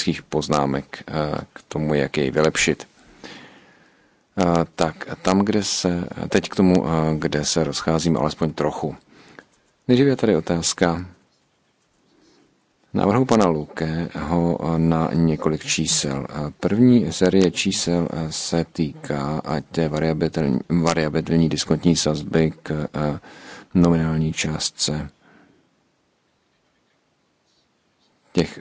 technických poznámek eh, k tomu, jak jej vylepšit. Eh, tak tam, kde se, teď k tomu, eh, kde se rozcházím alespoň trochu. Nejdřív je tady otázka návrhu pana ho na několik čísel. První série čísel se týká té variabilní, variabilní diskontní sazby k nominální částce těch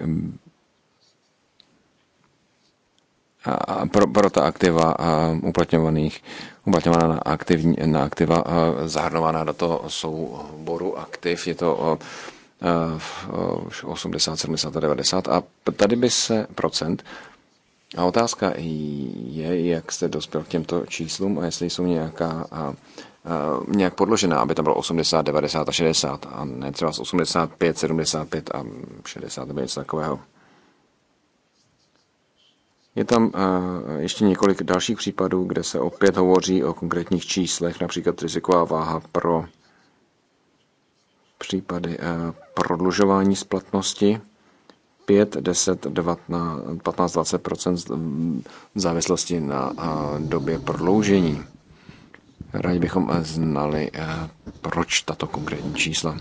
pro, pro ta aktiva uplatňovaných, uplatňovaná na, aktivní, na aktiva zahrnovaná do toho souboru aktiv. Je to 80, 70 a 90 a tady by se procent a otázka je, jak jste dospěl k těmto číslům a jestli jsou nějaká a, a, nějak podložená, aby tam bylo 80, 90 a 60 a ne třeba 85, 75 a 60 nebo něco takového. Je tam eh, ještě několik dalších případů, kde se opět hovoří o konkrétních číslech, například riziková váha pro případy eh, prodlužování splatnosti 5, 10, 15, 20 v závislosti na eh, době prodloužení. Rádi bychom znali, proč tato konkrétní čísla.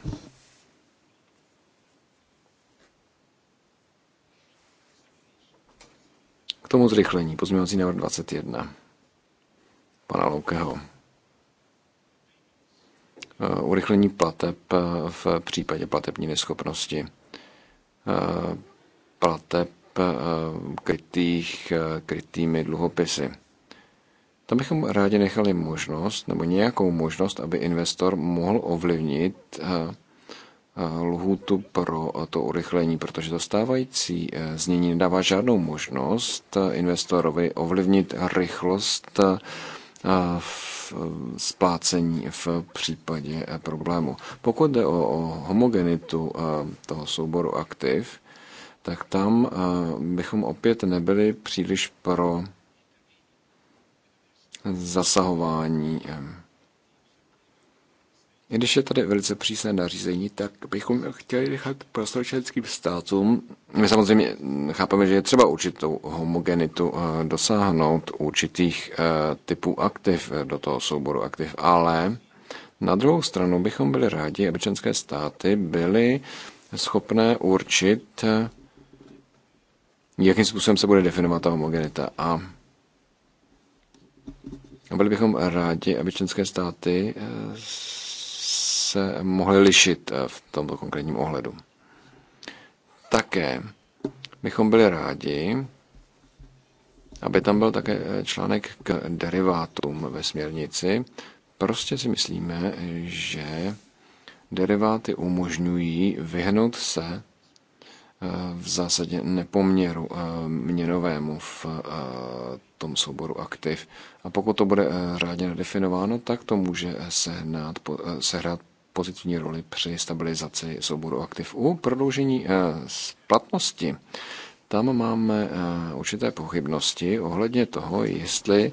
tomu zrychlení pozměňovací návrh 21 pana Loukeho. Eh, urychlení plateb eh, v případě platební neschopnosti. Eh, plateb krytých, krytými dluhopisy. Tam bychom rádi nechali možnost, nebo nějakou možnost, aby investor mohl ovlivnit lhůtu pro to urychlení, protože to stávající eh, znění nedává žádnou možnost eh, investorovi ovlivnit rychlost eh, v splácení v případě problému. Pokud jde o homogenitu toho souboru aktiv, tak tam bychom opět nebyli příliš pro zasahování i když je tady velice přísné nařízení, tak bychom chtěli nechat prostor členským státům. My samozřejmě chápeme, že je třeba určitou homogenitu eh, dosáhnout určitých eh, typů aktiv eh, do toho souboru aktiv, ale na druhou stranu bychom byli rádi, aby členské státy byly schopné určit, jakým způsobem se bude definovat ta homogenita. A byli bychom rádi, aby členské státy se mohly lišit eh, v tomto konkrétním ohledu. Také bychom byli rádi, aby tam byl také eh, článek k derivátům ve směrnici. Prostě si myslíme, že deriváty umožňují vyhnout se eh, v zásadě nepoměru měnovému v tom souboru aktiv. A pokud to bude řádně definováno, tak to může sehnat, sehrát pozitivní roli při stabilizaci souboru aktiv. U prodloužení eh, splatnosti tam máme eh, určité pochybnosti ohledně toho, jestli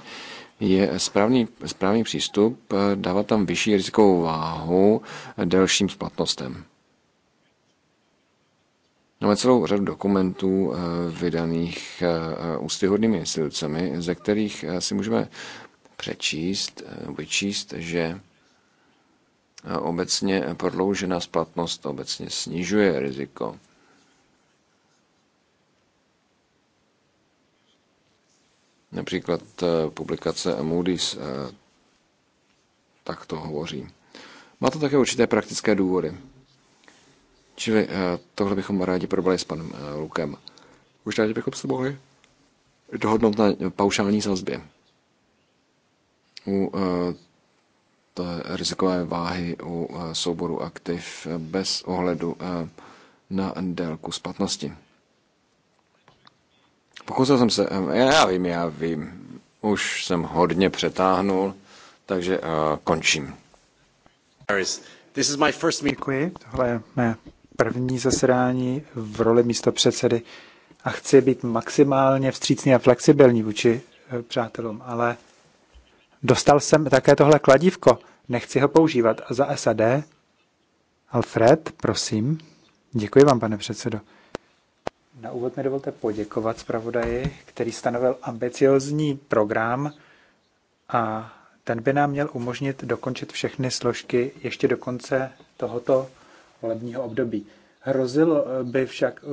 je správný, správný přístup eh, dávat tam vyšší rizikovou váhu delším splatnostem. Máme celou řadu dokumentů vydaných ústyhodnými institucemi, ze kterých si můžeme přečíst, vyčíst, že Obecně prodloužená splatnost obecně snižuje riziko. Například eh, publikace Moody's eh, tak to hovoří. Má to také určité praktické důvody. Čili eh, tohle bychom rádi probali s panem Lukem. Už rádi bychom se mohli dohodnout na paušální sazbě. U rizikové váhy u eh, souboru aktiv bez ohledu eh, na délku splatnosti. Pokusil jsem se, eh, já vím, já vím, už jsem hodně přetáhnul, takže uh, končím. Děkuji, tohle je mé první zasedání v roli místo předsedy a chci být maximálně vstřícný a flexibilní vůči přátelům, ale Dostal jsem také tohle kladívko. Nechci ho používat. A za SAD? Alfred, prosím. Děkuji vám, pane předsedo. Na úvod mi dovolte poděkovat zpravodaji, který stanovil ambiciozní program a ten by nám měl umožnit dokončit všechny složky ještě do konce tohoto volebního období. Hrozilo by však eh,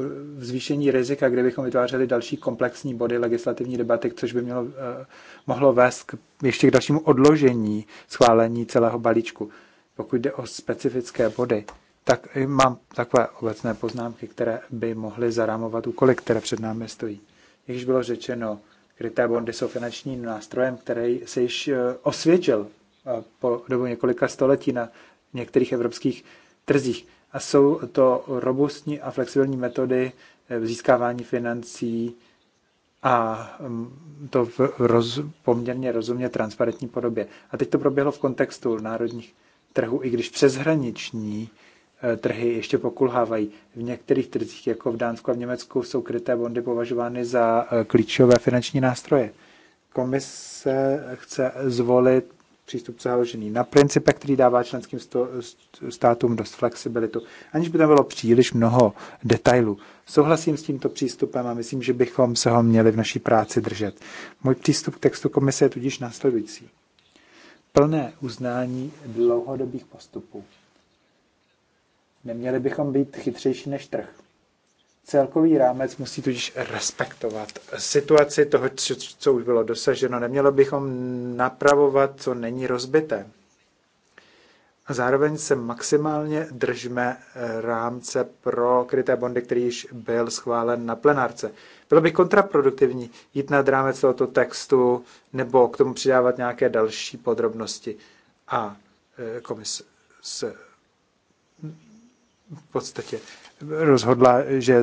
zvýšení rizika, kdybychom vytvářeli další komplexní body legislativní debaty, což by mělo, eh, mohlo vést k ještě k dalšímu odložení schválení celého balíčku. Pokud jde o specifické body, tak mám takové obecné poznámky, které by mohly zarámovat úkoly, které před námi stojí. Jak již bylo řečeno, kryté bondy jsou finančním nástrojem, který se již eh, osvědčil po dobu několika století na některých evropských trzích a jsou to robustní a flexibilní metody eh, získávání financí a mm, to v roz, poměrně rozumně transparentní podobě. A teď to proběhlo v kontextu národních trhů, i když přeshraniční eh, trhy ještě pokulhávají. V některých trzích, jako v Dánsku a v Německu, jsou kryté bondy považovány za eh, klíčové finanční nástroje. Komise chce zvolit přístup založený na principech, který dává členským státům dost flexibilitu, aniž by tam bylo příliš mnoho detailů. Souhlasím s tímto přístupem a myslím, že bychom se ho měli v naší práci držet. Můj přístup k textu komise je tudíž následující. Plné uznání dlouhodobých postupů. Neměli bychom být chytřejší než trh Celkový rámec musí tudíž respektovat situaci toho, co už bylo dosaženo. Nemělo bychom napravovat, co není rozbité. A zároveň se maximálně držme eh, rámce pro kryté bondy, který již byl schválen na plenárce. Bylo by kontraproduktivní jít nad rámec tohoto textu nebo k tomu přidávat nějaké další podrobnosti. A eh, komis. se v podstatě rozhodla, že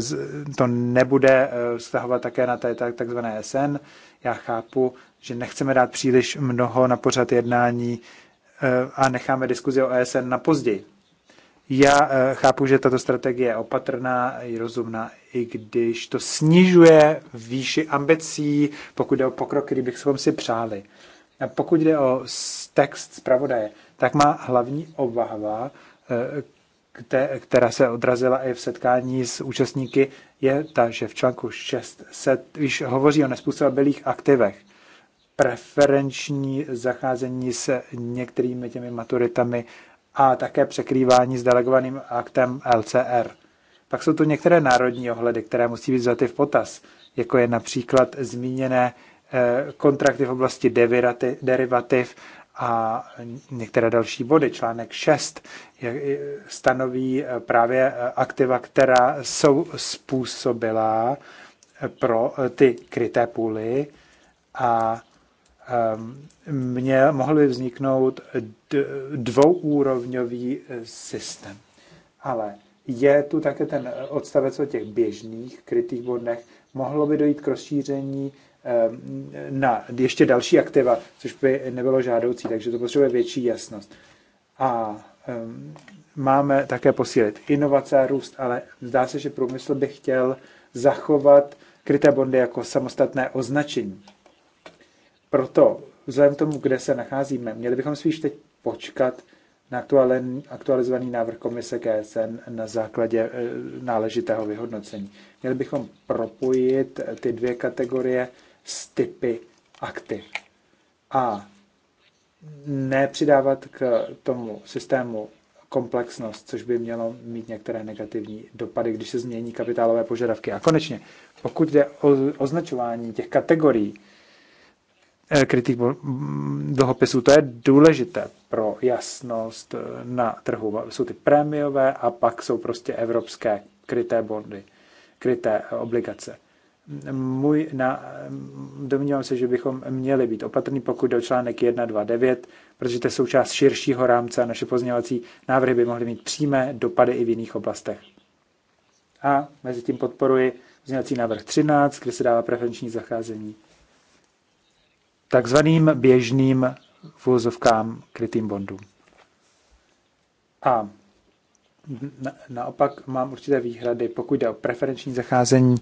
to nebude eh, vztahovat také na té takzvané SN. Já chápu, že nechceme dát příliš mnoho na pořad jednání eh, a necháme diskuzi o ESN na později. Já eh, chápu, že tato strategie je opatrná i rozumná, i když to snižuje výši ambicí, pokud jde o pokrok, který bychom si přáli. A pokud jde o text zpravodaje, tak má hlavní obava, která se odrazila i v setkání s účastníky, je ta, že v článku 6 se již hovoří o nespůsobilých aktivech. Preferenční zacházení s některými těmi maturitami a také překrývání s delegovaným aktem LCR. Pak jsou tu některé národní ohledy, které musí být vzaty v potaz, jako je například zmíněné eh, kontrakty v oblasti derivativ a některé další body. Článek 6 stanoví eh, právě eh, aktiva, která jsou způsobilá eh, pro ty kryté půly a mě ehm, mohl by vzniknout dvouúrovňový systém. Ale je tu také ten odstavec o těch běžných krytých bodnech. Mohlo by dojít k rozšíření na ještě další aktiva, což by nebylo žádoucí, takže to potřebuje větší jasnost. A máme také posílit inovace a růst, ale zdá se, že průmysl by chtěl zachovat kryté bondy jako samostatné označení. Proto vzhledem k tomu, kde se nacházíme, měli bychom spíš teď počkat na aktualizovaný návrh komise KSN na základě e, náležitého vyhodnocení. Měli bychom propojit e, ty dvě kategorie s typy aktiv. A nepřidávat k tomu systému komplexnost, což by mělo mít některé negativní dopady, když se změní kapitálové požadavky. A konečně, pokud jde o označování těch kategorií eh, krytých mm, dluhopisů, to je důležité pro jasnost eh, na trhu. Jsou ty prémiové a pak jsou prostě evropské kryté bondy, kryté obligace můj na, domnívám se, že bychom měli být opatrní, pokud do článek 129, protože to je součást širšího rámce a naše pozměňovací návrhy by mohly mít přímé dopady i v jiných oblastech. A mezi tím podporuji pozměňovací návrh 13, kde se dává preferenční zacházení takzvaným běžným vůzovkám krytým bondům. A naopak mám určité výhrady, pokud jde o preferenční zacházení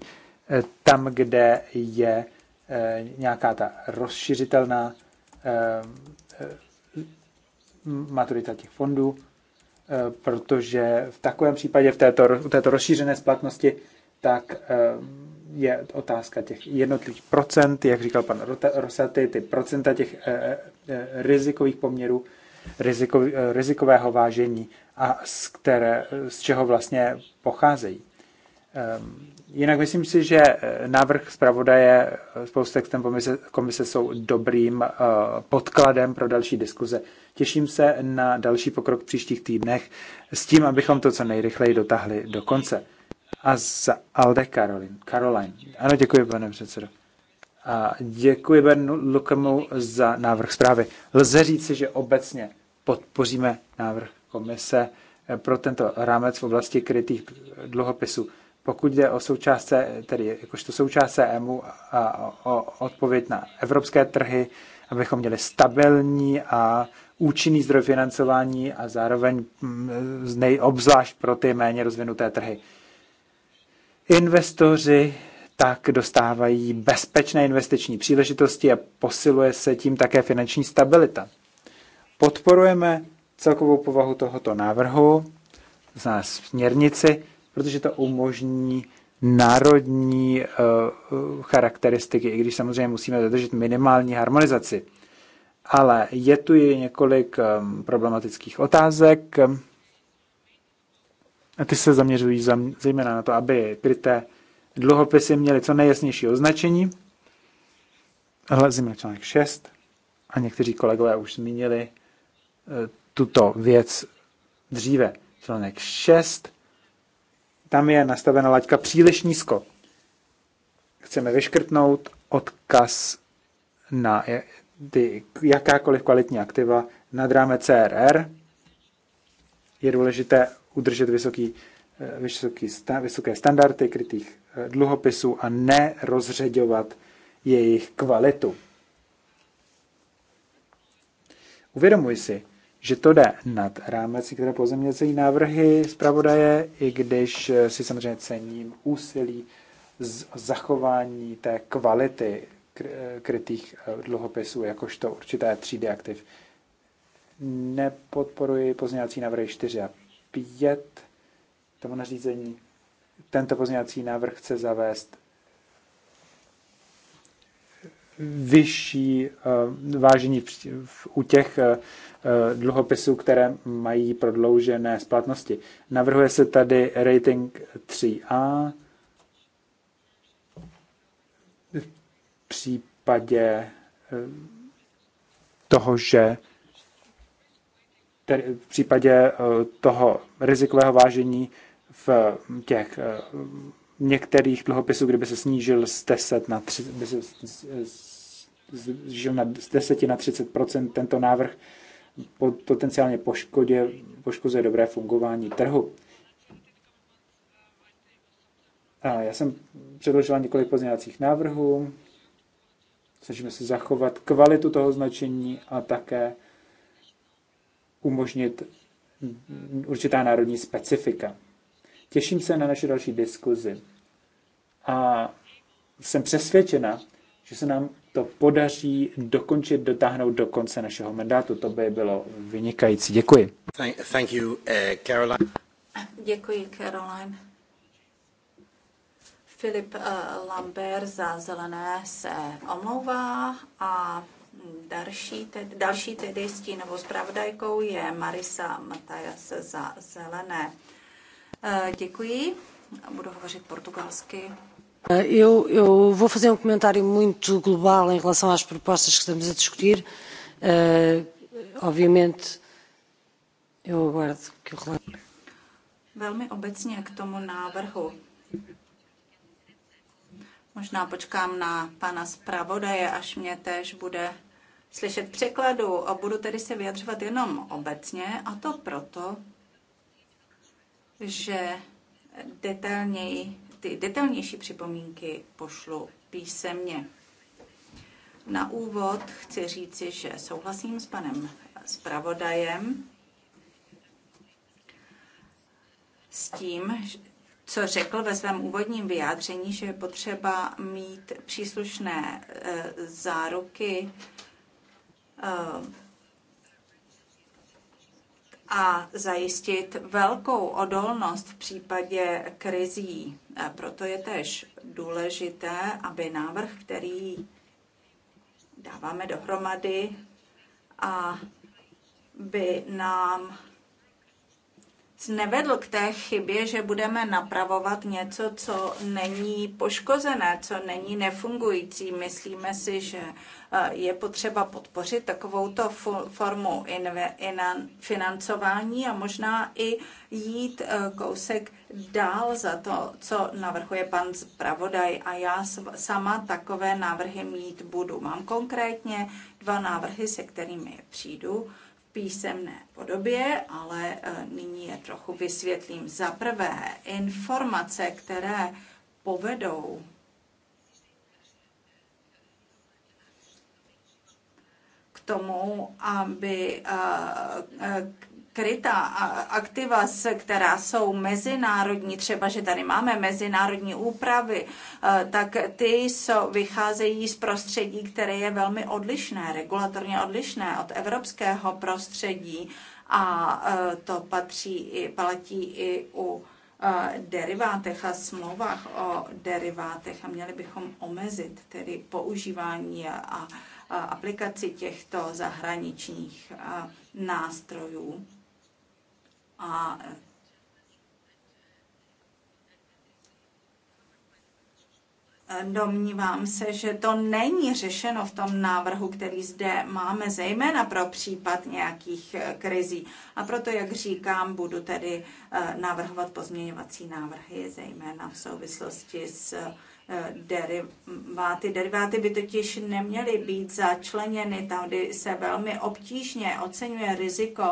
tam, kde je eh, nějaká ta rozšiřitelná eh, eh, maturita těch fondů, protože v takovém případě v této, v této rozšířené splatnosti tak je otázka těch jednotlivých procent, jak říkal pan Rosaty, ty procenta těch rizikových poměrů, rizikového vážení a z, které, z čeho vlastně pocházejí. Ehm, Jinak myslím si, že eh, návrh zpravodaje eh, spolu s textem komise, komise jsou dobrým eh, podkladem pro další diskuze. Těším se na další pokrok v příštích týdnech s tím, abychom to co nejrychleji dotáhli do konce. A za Alde Karolin. Caroline. Ano, děkuji, pane předsedo. A děkuji Bernu Lukemu za návrh zprávy. Lze říci, že obecně podpoříme návrh komise pro tento rámec v oblasti krytých dluhopisů pokud jde o součástce, tedy jakožto součástce EMU a o odpověď na evropské trhy, abychom měli stabilní a účinný zdroj financování a zároveň mm, nejobzvlášť pro ty méně rozvinuté trhy. Investoři tak dostávají bezpečné investiční příležitosti a posiluje se tím také finanční stabilita. Podporujeme celkovou povahu tohoto návrhu, z znamená směrnici, protože to umožní národní eh, charakteristiky, i když samozřejmě musíme dodržet minimální harmonizaci. Ale je tu i několik eh, problematických otázek. A ty se zaměřují zejména na to, aby kryté dluhopisy měly co nejjasnější označení. Hlazíme článek 6 a někteří kolegové už zmínili eh, tuto věc dříve. Článek 6 tam je nastavena laťka příliš nízko. Chceme vyškrtnout odkaz na ty jakákoliv kvalitní aktiva nad ráme CRR. Je důležité udržet vysoký, eh, vysoký, vysoké standardy krytých eh, dluhopisů a nerozředovat jejich kvalitu. Uvědomuji si, že to jde nad rámec které pozemněcí návrhy zpravodaje, i když eh, si samozřejmě cením úsilí z zachování té kvality eh, krytých eh, dluhopisů, jakožto určité třídy aktiv. Nepodporuji pozměňovací návrhy 4 a 5 tomu nařízení. Tento pozměňovací návrh chce zavést vyšší eh, vážení v u těch eh, eh, dluhopisů, které mají prodloužené splatnosti. Navrhuje se tady rating 3A v případě toho, že v případě toho rizikového vážení v těch některých dluhopisů, kdyby se snížil z 10 na 3, by se z, na, z 10 na 30 tento návrh potenciálně poškodě, poškozuje dobré fungování trhu. A já jsem předložila několik pozměňovacích návrhů. Snažíme se zachovat kvalitu toho značení a také umožnit určitá národní specifika. Těším se na naše další diskuzi a jsem přesvědčena, že se nám to podaří dokončit, dotáhnout do konce našeho mandátu. To by bylo vynikající. Děkuji. Thank, thank you, uh, Caroline. Děkuji, Caroline. Filip eh, Lambert za Zelené se omlouvá a další, tedy, další tedy stínovou zpravodajkou je Marisa Matajas za Zelené. Eh, děkuji. Budu hovořit portugalsky. Ah, eu, eu vou fazer um comentário muito global em relação às propostas que estamos a discutir. Uh, obviamente, eu aguardo que o relator. Velmi obecně k tomu návrhu. Možná počkám na pana zpravodaje, až mě bude slyšet překladu a budu tedy se vyjadřovat jenom obecně a to proto, že detailněji ty detailnější připomínky pošlu písemně. Na úvod chci říci, že souhlasím s panem zpravodajem s tím, co řekl ve svém úvodním vyjádření, že je potřeba mít příslušné eh, záruky eh, a zajistit velkou odolnost v případě krizí. Proto je tež důležité, aby návrh, který dáváme dohromady, a by nám nevedl k té chybě, že budeme napravovat něco, co není poškozené, co není nefungující. Myslíme si, že Eh, je potřeba podpořit takovouto formu financování a možná i jít eh, kousek dál za to, co navrhuje pan zpravodaj a já sama takové návrhy mít budu. Mám konkrétně dva návrhy, se kterými přijdu v písemné podobě, ale eh, nyní je trochu vysvětlím. Za prvé, informace, které povedou tomu, aby eh, eh, krytá aktiva, která jsou mezinárodní, třeba, že tady máme mezinárodní úpravy, eh, tak ty jsou, vycházejí z prostředí, které je velmi odlišné, regulatorně odlišné od evropského prostředí a to patří i, platí i u Eh, derivátech a smlouvách o derivátech a měli bychom omezit tedy používání a aplikaci těchto zahraničních eh, nástrojů a Domnívám se, že to není řešeno v tom návrhu, který zde máme, zejména pro případ nějakých eh, krizí. A proto, jak říkám, budu tedy eh, navrhovat pozměňovací návrhy, zejména v souvislosti s eh, deriváty. Deriváty by totiž neměly být začleněny, tady se velmi obtížně oceňuje riziko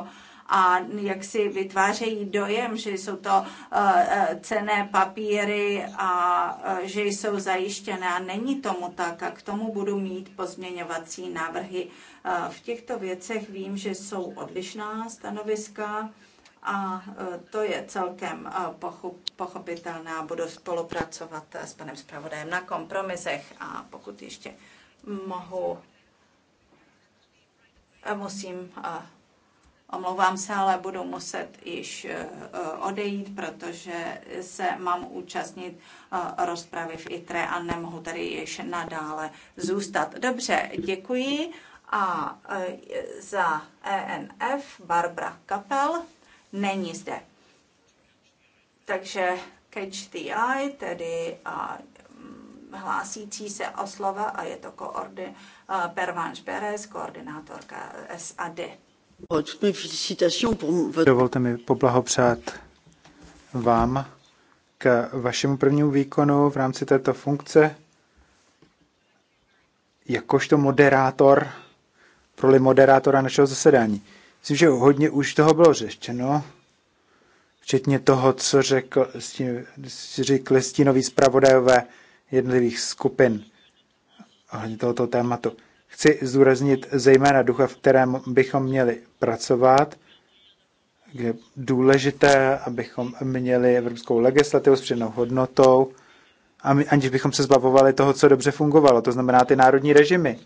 a jak si vytvářejí dojem, že jsou to eh, eh, cené papíry a eh, že jsou zajištěné. A není tomu tak a k tomu budu mít pozměňovací návrhy. V těchto věcech vím, že jsou odlišná stanoviska a to je celkem pochopitelné a budu spolupracovat s panem zpravodajem na kompromisech a pokud ještě mohu, musím Omlouvám se, ale budu muset již eh, eh, odejít, protože se mám účastnit eh, rozpravy v ITRE a nemohu tady již nadále zůstat. Dobře, děkuji. A za ENF Barbara Kapel není zde. Takže Catch the Eye, tedy a, mm, hlásící se o slova a je to koordi, Pervanš Beres, koordinátorka SAD. Dovolte mi poblahopřát vám k vašemu prvnímu výkonu v rámci této funkce jakožto moderátor, pro moderátora našeho zasedání. Myslím, že hodně už toho bylo řešeno, včetně toho, co řekl, řekli stínoví zpravodajové jednotlivých skupin ohledně tohoto tématu. Chci zdůraznit zejména ducha, v kterém bychom měli pracovat, kde důležité, abychom měli evropskou legislativu s přednou hodnotou, a my, aniž bychom se zbavovali toho, co dobře fungovalo, to znamená ty národní režimy,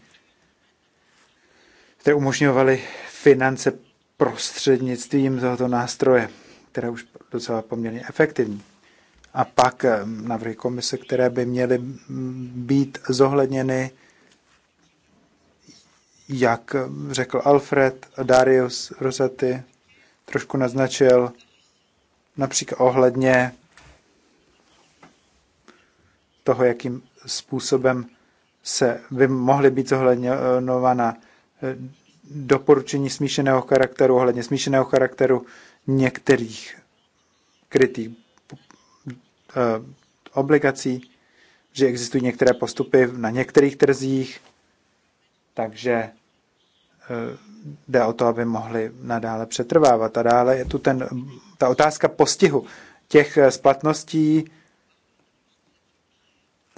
které umožňovaly finance prostřednictvím tohoto nástroje, které už docela poměrně efektivní. A pak eh, návrhy komise, které by měly mm, být zohledněny jak řekl Alfred a Darius Rosetti trošku naznačil například ohledně toho, jakým způsobem se by mohly být zohledňována eh, doporučení smíšeného charakteru, ohledně smíšeného charakteru některých krytých eh, obligací, že existují některé postupy na některých trzích, takže Eh, jde o to, aby mohli nadále přetrvávat. A dále je tu ten, ta otázka postihu těch eh, splatností,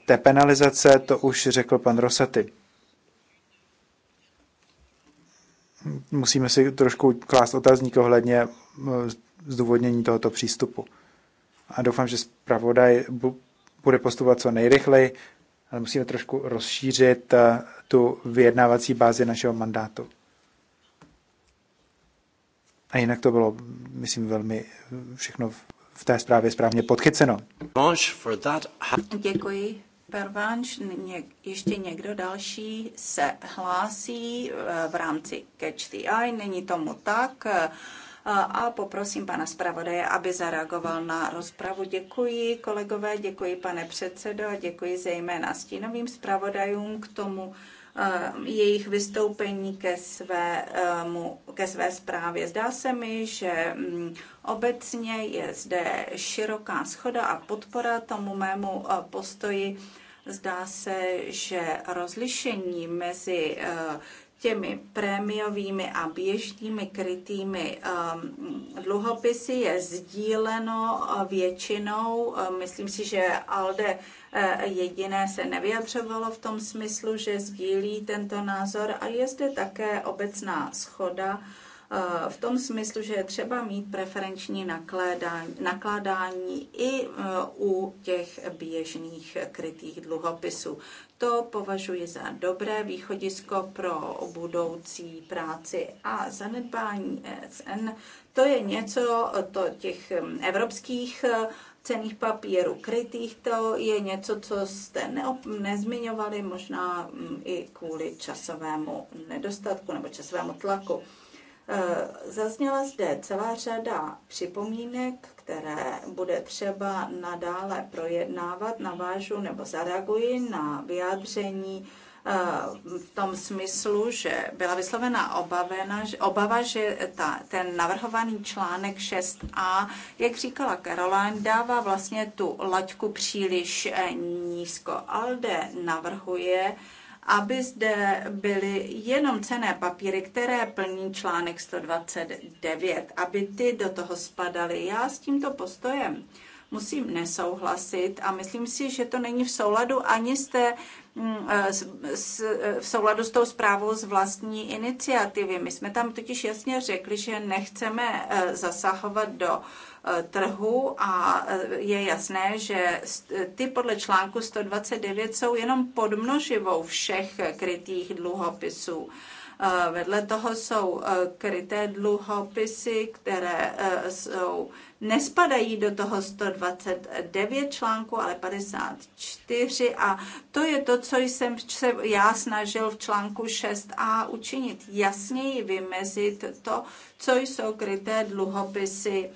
té penalizace, to už řekl pan Rosaty. Musíme si trošku klást otazník ohledně eh, zdůvodnění tohoto přístupu. A doufám, že zpravodaj bude postupovat co nejrychleji, ale musíme trošku rozšířit eh, tu vyjednávací bázi našeho mandátu. A jinak to bylo, myslím, velmi všechno v té zprávě správně podchyceno. Děkuji. Pervanš, ještě někdo další se hlásí eh, v rámci Catch the Eye, není tomu tak a poprosím pana zpravodaje, aby zareagoval na rozpravu. Děkuji kolegové, děkuji pane předsedo a děkuji zejména stínovým zpravodajům k tomu, eh, jejich vystoupení ke, svému, ke své zprávě. Zdá se mi, že mm, obecně je zde široká schoda a podpora tomu mému eh, postoji. Zdá se, že rozlišení mezi eh, těmi prémiovými a běžnými krytými um, dluhopisy je sdíleno uh, většinou. Uh, myslím si, že ALDE uh, jediné se nevyjadřovalo v tom smyslu, že sdílí tento názor a je zde také obecná schoda v tom smyslu, že je třeba mít preferenční nakládání, nakládání i u těch běžných krytých dluhopisů. To považuji za dobré východisko pro budoucí práci a zanedbání ESN. To je něco to těch hm, evropských eh, cených papírů krytých, to je něco, co jste neop- nezmiňovali, možná hm, i kvůli časovému nedostatku nebo časovému tlaku. Eh, zazněla zde celá řada připomínek, které bude třeba nadále projednávat. Navážu nebo zareaguji na vyjádření eh, v tom smyslu, že byla vyslovena obavena, obava, že ta, ten navrhovaný článek 6a, jak říkala Caroline, dává vlastně tu laťku příliš eh, nízko. ALDE navrhuje, aby zde byly jenom cené papíry, které plní článek 129, aby ty do toho spadaly. Já s tímto postojem musím nesouhlasit a myslím si, že to není v souladu ani s, té, Mm, eh, eh, v souladu s tou zprávou z vlastní iniciativy. My jsme tam totiž jasně řekli, že nechceme eh, zasahovat do trhu a je jasné, že ty podle článku 129 jsou jenom podmnoživou všech krytých dluhopisů. Vedle toho jsou kryté dluhopisy, které jsou nespadají do toho 129 článku, ale 54 a to je to, co jsem se já snažil v článku 6a učinit. Jasněji vymezit to, co jsou kryté dluhopisy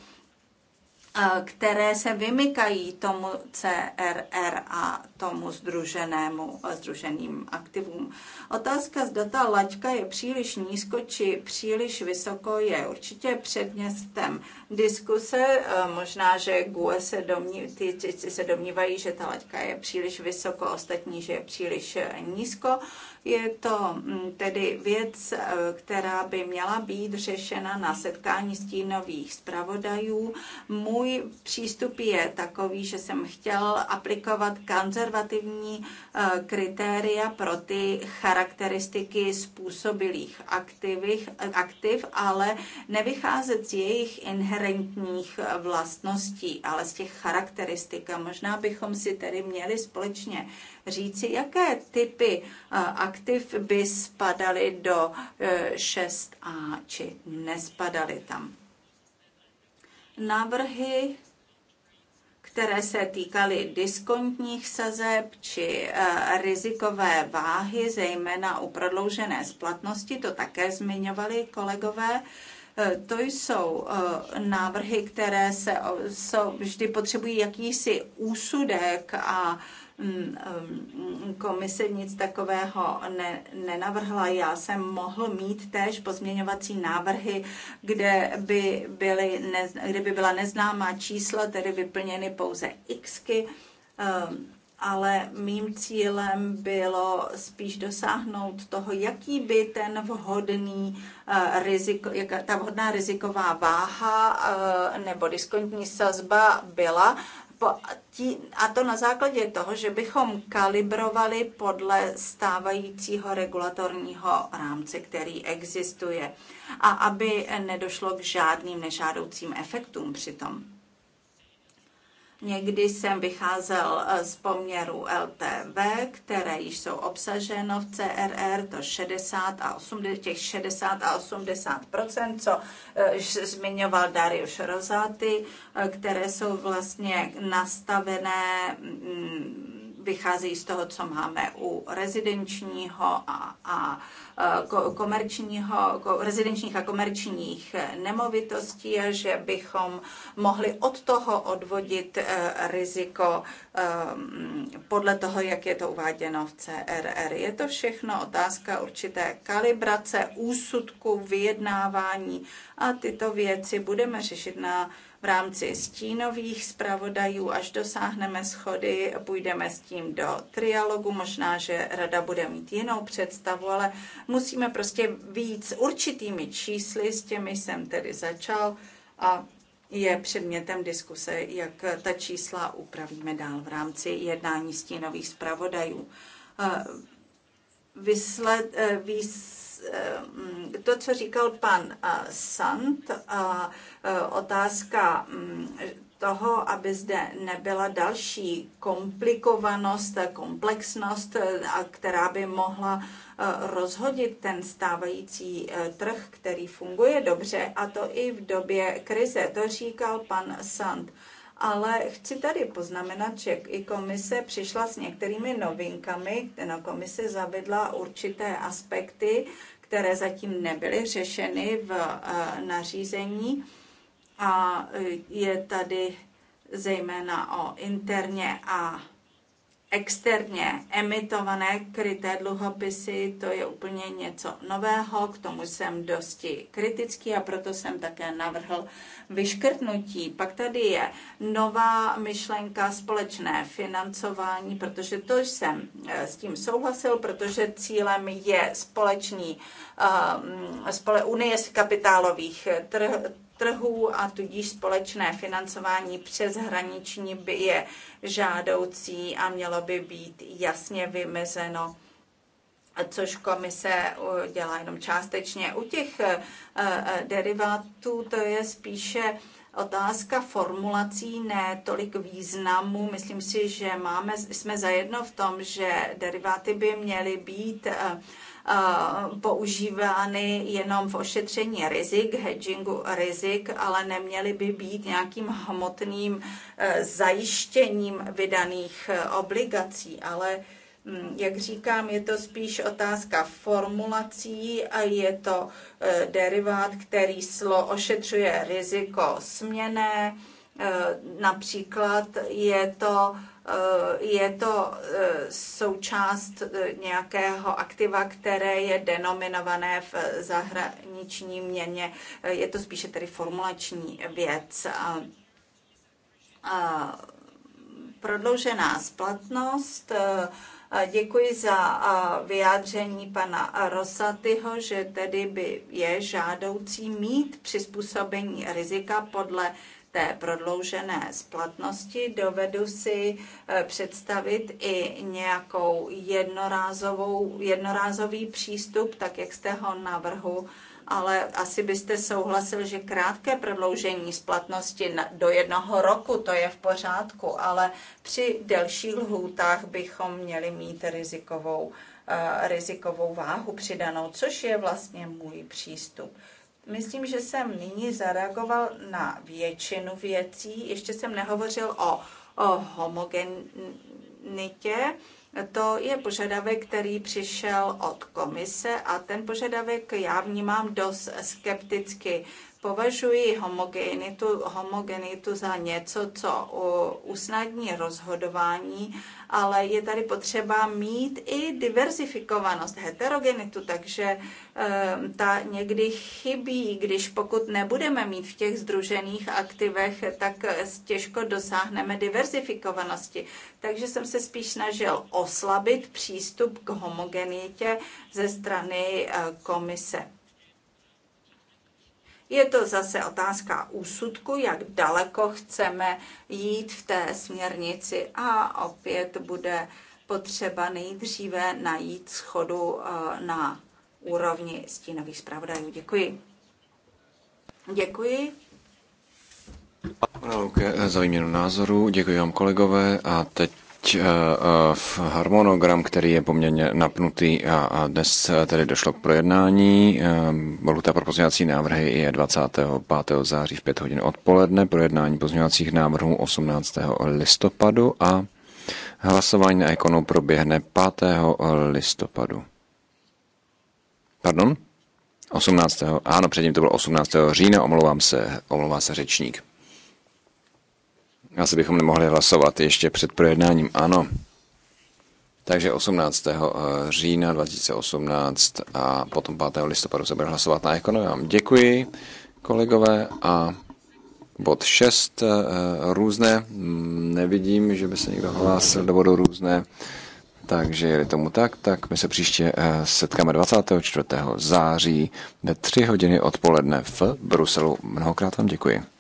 eh, které se vymykají tomu CRR a tomu združenému, eh, združeným aktivům. Otázka, zda ta laťka je příliš nízko či příliš vysoko, je určitě předměstem diskuse. Eh, možná, že GUE se, domní, ty, se domnívají, že ta laťka je příliš vysoko, ostatní, že je příliš eh, nízko. Je to mm, tedy věc, která by měla být řešena na setkání stínových zpravodajů. Můj přístup je takový, že jsem chtěl aplikovat kanzer konzervativní eh, kritéria pro ty charakteristiky způsobilých aktiv, ale nevycházet z jejich inherentních eh, vlastností, ale z těch charakteristik. A možná bychom si tedy měli společně říci, jaké typy eh, aktiv by spadaly do 6a, či nespadaly tam. Návrhy které se týkaly diskontních sazeb či eh, rizikové váhy, zejména u prodloužené splatnosti, to také zmiňovali kolegové. Eh, to jsou eh, návrhy, které se, jsou, vždy potřebují jakýsi úsudek a Mm, mm, komise nic takového ne, nenavrhla. Já jsem mohl mít též pozměňovací návrhy, kde by, byly ne, kde by byla neznámá čísla, tedy vyplněny pouze xky, ehm, ale mým cílem bylo spíš dosáhnout toho, jaký by ten vhodný eh, riziko, jaká ta vhodná riziková váha eh, nebo diskontní sazba byla a to na základě toho, že bychom kalibrovali podle stávajícího regulatorního rámce, který existuje a aby nedošlo k žádným nežádoucím efektům přitom. Někdy jsem vycházel eh, z poměru LTV, které již jsou obsaženo v CRR, to 60 a 80, těch 60 a 80 co eh, zmiňoval Darius Rozaty, eh, které jsou vlastně nastavené mm, vycházejí z toho, co máme u rezidenčního a, a e, komerčního, rezidenčních a komerčních nemovitostí a že bychom mohli od toho odvodit e, riziko e, podle toho, jak je to uváděno v CRR. Je to všechno otázka určité kalibrace, úsudku, vyjednávání a tyto věci budeme řešit na v rámci stínových zpravodajů, až dosáhneme schody, půjdeme s tím do trialogu. Možná, že rada bude mít jinou představu, ale musíme prostě víc určitými čísly, s těmi jsem tedy začal a je předmětem diskuse, jak ta čísla upravíme dál v rámci jednání stínových zpravodajů. Eh, Vysled, eh, výs, Eh, to, co říkal pan eh, Sant, eh, otázka mm, toho, aby zde nebyla další komplikovanost, komplexnost, která by mohla rozhodit ten stávající trh, který funguje dobře, a to i v době krize. To říkal pan Sant ale chci tady poznamenat, že i komise přišla s některými novinkami, na no, komise zavedla určité aspekty, které zatím nebyly řešeny v eh, nařízení a eh, je tady zejména o interně a externě emitované kryté dluhopisy, to je úplně něco nového, k tomu jsem dosti kritický a proto jsem také navrhl vyškrtnutí. Pak tady je nová myšlenka společné financování, protože to jsem eh, s tím souhlasil, protože cílem je společný eh, spole, unie z kapitálových trhů, trhů a tudíž společné financování hraniční by je žádoucí a mělo by být jasně vymezeno což komise dělá jenom částečně. U těch eh, eh, derivátů to je spíše otázka formulací, ne tolik významu. Myslím si, že máme, jsme zajedno v tom, že deriváty by měly být eh, Eh, používány jenom v ošetření rizik, hedgingu rizik, ale neměly by být nějakým hmotným eh, zajištěním vydaných eh, obligací, ale hm, jak říkám, je to spíš otázka formulací a je to derivát, který slo ošetřuje riziko směné. Například je to Eh, je to eh, součást eh, nějakého aktiva, které je denominované v zahraniční měně. Je to spíše tedy formulační věc. Prodloužená splatnost. Děkuji za vyjádření pana Rosatyho, že tedy by je žádoucí mít přizpůsobení rizika podle té prodloužené splatnosti dovedu si eh, představit i nějakou jednorázovou, jednorázový přístup, tak jak jste ho navrhu, ale asi byste souhlasil, že krátké prodloužení splatnosti do jednoho roku, to je v pořádku, ale při delších lhůtách bychom měli mít rizikovou, eh, rizikovou váhu přidanou, což je vlastně můj přístup. Myslím, že jsem nyní zareagoval na většinu věcí. Ještě jsem nehovořil o, o homogenitě. To je požadavek, který přišel od komise a ten požadavek já vnímám dost skepticky považuji homogenitu, homogenitu za něco, co usnadní rozhodování, ale je tady potřeba mít i diversifikovanost, heterogenitu, takže eh, ta někdy chybí, když pokud nebudeme mít v těch združených aktivech, tak eh, těžko dosáhneme diversifikovanosti. Takže jsem se spíš snažil oslabit přístup k homogenitě ze strany eh, komise. Je to zase otázka úsudku, jak daleko chceme jít v té směrnici a opět bude potřeba nejdříve najít schodu eh, na úrovni stínových zpravodajů. Děkuji. Děkuji. Pane Luke, za výměnu názoru. Děkuji vám kolegové a teď Eh, eh, v harmonogram, který je poměrně napnutý a dnes eh, tedy došlo k projednání. Voluta pro pozměňovací návrhy je 25. září v 5 hodin odpoledne, projednání pozměňovacích návrhů 18. listopadu a hlasování na ekonu proběhne 5. listopadu. Pardon? 18. Ano, předtím to bylo 18. října, omlouvám se, omlouvá se řečník. Asi bychom nemohli hlasovat ještě před projednáním, ano. Takže 18. Eh, října 2018 a potom 5. listopadu se bude hlasovat na Vám Děkuji, kolegové, a bod 6 eh, různé. Mm, nevidím, že by se někdo hlásil do bodu různé. Takže je tomu tak, tak my se příště eh, setkáme 24. září ve 3 hodiny odpoledne v Bruselu. Mnohokrát vám děkuji.